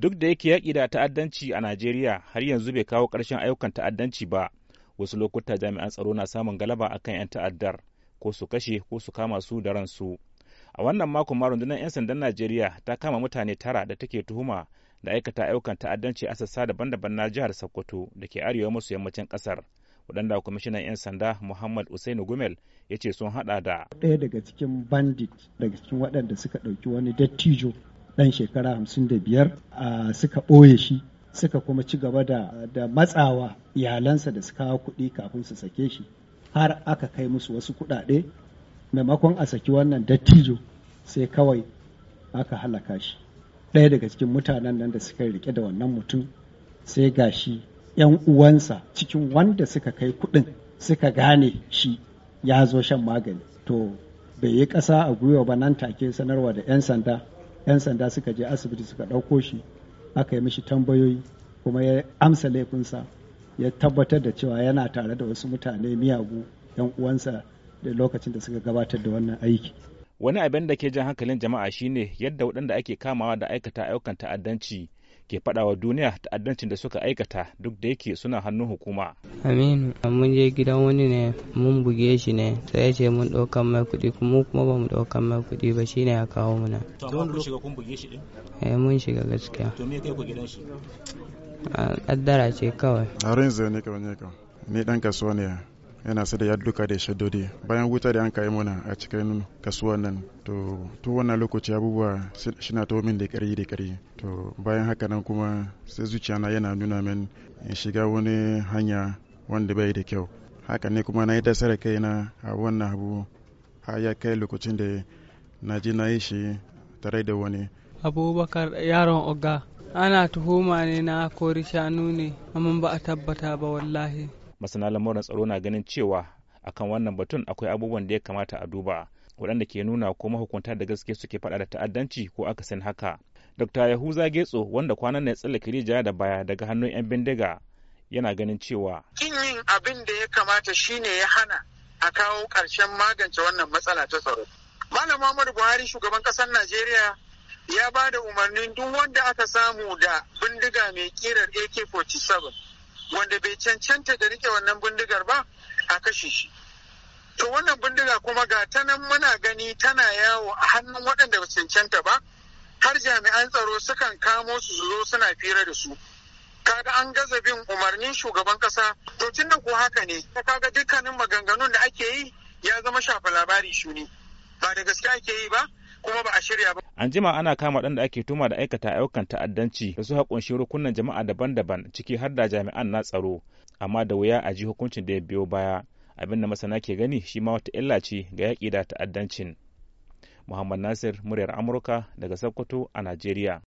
Duk da yake yaƙi da ta'addanci a Najeriya har yanzu bai kawo ƙarshen ayyukan ta'addanci ba, wasu lokuta jami'an tsaro na samun galaba akan 'yan ta'addar ko su kashe ko su kama su da ransu. A wannan mako ma rundunar 'yan sandan Najeriya ta kama mutane tara da take tuhuma da aikata ayyukan ta'addanci a sassa daban-daban na jihar Sokoto da ke arewa maso yammacin ƙasar. waɗanda kwamishinan 'yan sanda muhammad usainu gumel ya ce sun haɗa da ɗaya daga cikin bandit daga cikin waɗanda suka ɗauki wani dattijo dan shekara hamsin da biyar suka ɓoye shi suka kuma ci gaba da matsawa iyalansa da suka kawo kuɗi kafin su sake shi har aka kai musu wasu kuɗaɗe maimakon a saki wannan dattijo sai kawai aka halaka shi ɗaya daga cikin mutanen nan da suka rike da wannan mutum sai ga shi 'yan uwansa cikin wanda suka kai kuɗin suka gane shi ya zo shan magani to bai yi ƙasa a gwiwa ba nan take sanarwa da 'yan sanda 'yan sanda suka je asibiti suka ɗauko shi aka yi mishi tambayoyi kuma ya amsa laifinsa ya tabbatar da cewa yana tare da wasu mutane miyagu 'yan uwansa da lokacin da suka gabatar da wannan aiki wani abin da ke jan hankalin jama'a shine yadda waɗanda ake kamawa da aikata ayyukan ta'addanci ke faɗawa duniya ta'addancin da suka aikata duk da yake suna hannun hukuma. Aminu, mun je gidan wani ne mun buge shi ne sai ya ce mun ɗaukan mai kuɗi kuma kuma ba mu ɗaukan mai kuɗi ba shine ya kawo muna. To amma shiga kun buge shi ɗin? Eh mun shiga gaskiya. To me kai ku gidan shi? Kaddara ah, ce kawai. Harin zai ne kawai ne kawai. Ni ɗan kasuwa ne. yana sai da duka da shaddodi bayan wuta da an kai mana a cikin kasuwa nan to tun wannan lokaci abubuwa shina to min da ƙarfi da ƙarfi to bayan haka nan kuma sai zuciya na yana nuna min in shiga wani hanya wanda bai da kyau haka ne kuma na yi dasara kaina a wannan abu har ya kai lokacin da na ji na yi shi tare da wani abubakar yaron oga ana tuhuma ne na kori shanu ne amma ba a tabbata ba wallahi masana lamuran tsaro na ganin cewa akan wannan batun akwai abubuwan da ya kamata a duba waɗanda ke nuna ko mahukunta da gaske suke faɗa da ta'addanci ko akasin haka dr yahuza getso wanda kwanan na ya tsallake rijiya da baya daga hannun 'yan bindiga yana ganin cewa kin yin abin da ya kamata shine ya hana a kawo karshen magance wannan matsala ta tsaro malam muhammadu buhari shugaban ƙasar najeriya ya ba da umarnin duk wanda aka samu da bindiga mai kirar ak-47 wanda bai cancanta da rike wannan bindigar ba a kashe shi to wannan bindiga kuma ga ta nan muna gani tana yawo a hannun waɗanda ba cancanta ba har jami'an tsaro sukan kamo su su zo suna fira da su kaga an gaza bin umarnin shugaban kasa to tun ko haka ne kaga dukkanin maganganun da ake yi ya zama shafa labari shuni ba da gaske ake yi ba kuma shirya ba. An jima ana kama ɗan da ake tuma da aikata ayyukan ta'addanci da su haƙunshi rukunan jama'a daban-daban ciki har da jami'an na tsaro, amma da wuya a ji hukuncin da ya biyo baya. Abin da masana ke gani shi ma wata illa ce ga yaƙi da ta'addancin. Muhammad Nasir, muryar Amurka daga Sokoto a Najeriya.